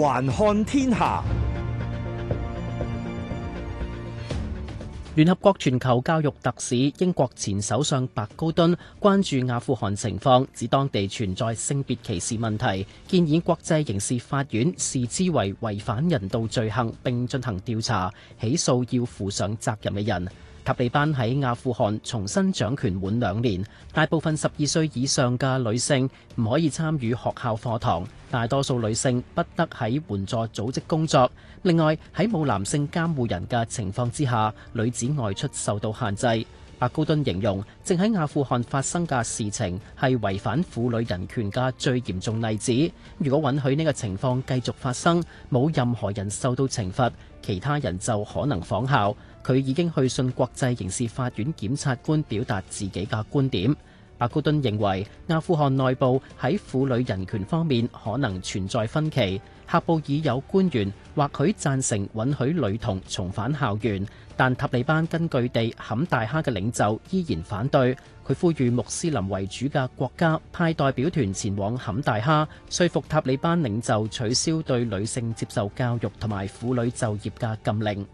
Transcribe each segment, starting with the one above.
環看天下，聯合國全球教育特使、英國前首相白高敦關注阿富汗情況，指當地存在性別歧視問題，建議國際刑事法院視之為違反人道罪行，並進行調查，起訴要負上責任嘅人。塔利班喺阿富汗重新掌權滿兩年，大部分十二歲以上嘅女性唔可以參與學校課堂，大多數女性不得喺援助組織工作。另外喺冇男性監護人嘅情況之下，女子外出受到限制。白高敦形容正喺阿富汗發生嘅事情係違反婦女人權嘅最嚴重例子。如果允許呢個情況繼續發生，冇任何人受到懲罰，其他人就可能仿效。佢已經去信國際刑事法院檢察官表達自己嘅觀點。白高敦認為阿富汗內部喺婦女人權方面可能存在分歧，喀布爾有官員或許贊成允許女童重返校園，但塔利班根據地坎大哈嘅領袖依然反對。佢呼籲穆斯林為主嘅國家派代表團前往坎大哈，說服塔利班領袖取消對女性接受教育同埋婦女就業嘅禁令。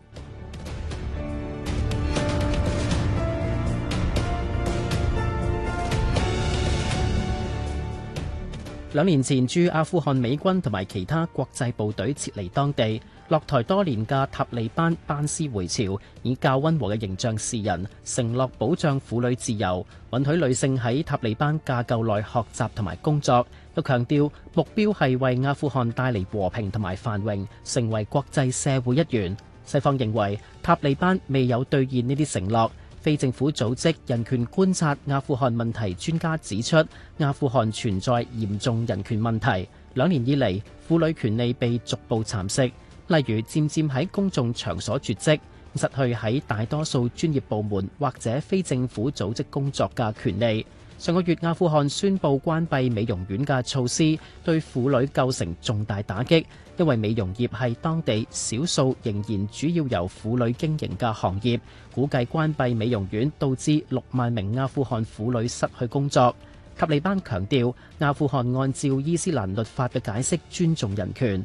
兩年前駐阿富汗美軍同埋其他國際部隊撤離當地，落台多年嘅塔利班班師回朝，以較溫和嘅形象示人，承諾保障婦女自由，允許女性喺塔利班架構內學習同埋工作，又強調目標係為阿富汗帶嚟和平同埋繁榮，成為國際社會一員。西方認為塔利班未有兌現呢啲承諾。非政府組織人權觀察阿富汗問題專家指出，阿富汗存在嚴重人權問題。兩年以嚟，婦女權利被逐步蠶食，例如漸漸喺公眾場所絕跡。失去喺大多數專業部門或者非政府組織工作嘅權利。上個月阿富汗宣佈關閉美容院嘅措施，對婦女構成重大打擊，因為美容業係當地少數仍然主要由婦女經營嘅行業，估計關閉美容院導致六萬名阿富汗婦女失去工作。塔利班強調阿富汗按照伊斯蘭律法嘅解釋，尊重人權。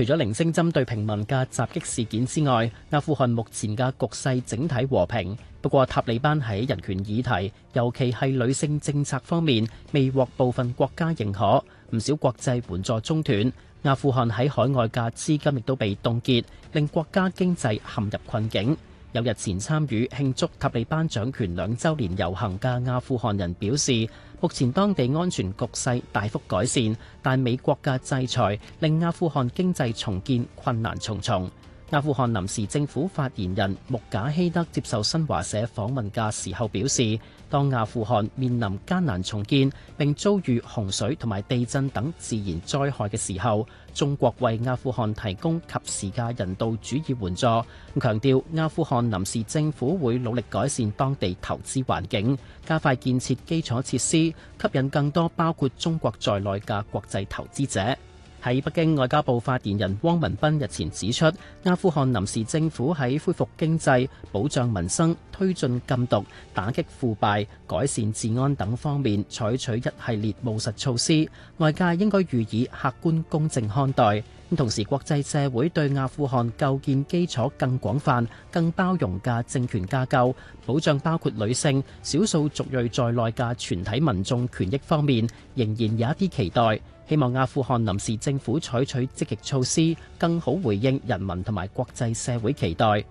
除咗零星針對平民嘅襲擊事件之外，阿富汗目前嘅局勢整體和平。不過塔利班喺人權議題，尤其係女性政策方面，未獲部分國家認可，唔少國際援助中斷。阿富汗喺海外嘅資金亦都被凍結，令國家經濟陷入困境。有日前參與慶祝塔利班掌權兩週年遊行嘅阿富汗人表示：目前當地安全局勢大幅改善，但美國嘅制裁令阿富汗經濟重建困難重重。阿富汗臨時政府發言人穆賈希德接受新華社訪問嘅時候表示，當阿富汗面臨艱難重建，並遭遇洪水同埋地震等自然災害嘅時候，中國為阿富汗提供及時嘅人道主義援助。強調阿富汗臨時政府會努力改善當地投資環境，加快建設基礎設施，吸引更多包括中國在內嘅國際投資者。喺北京外交部發言人汪文斌日前指出，阿富汗臨時政府喺恢復經濟、保障民生、推進禁毒、打擊腐敗、改善治安等方面採取一系列務實措施，外界應該予以客觀公正看待。同時國際社會對阿富汗構建基礎更廣泛、更包容嘅政權架構，保障包括女性、少數族裔在內嘅全體民眾權益方面，仍然有一啲期待。希望阿富汗臨時政府採取積極措施，更好回應人民同埋國際社會期待。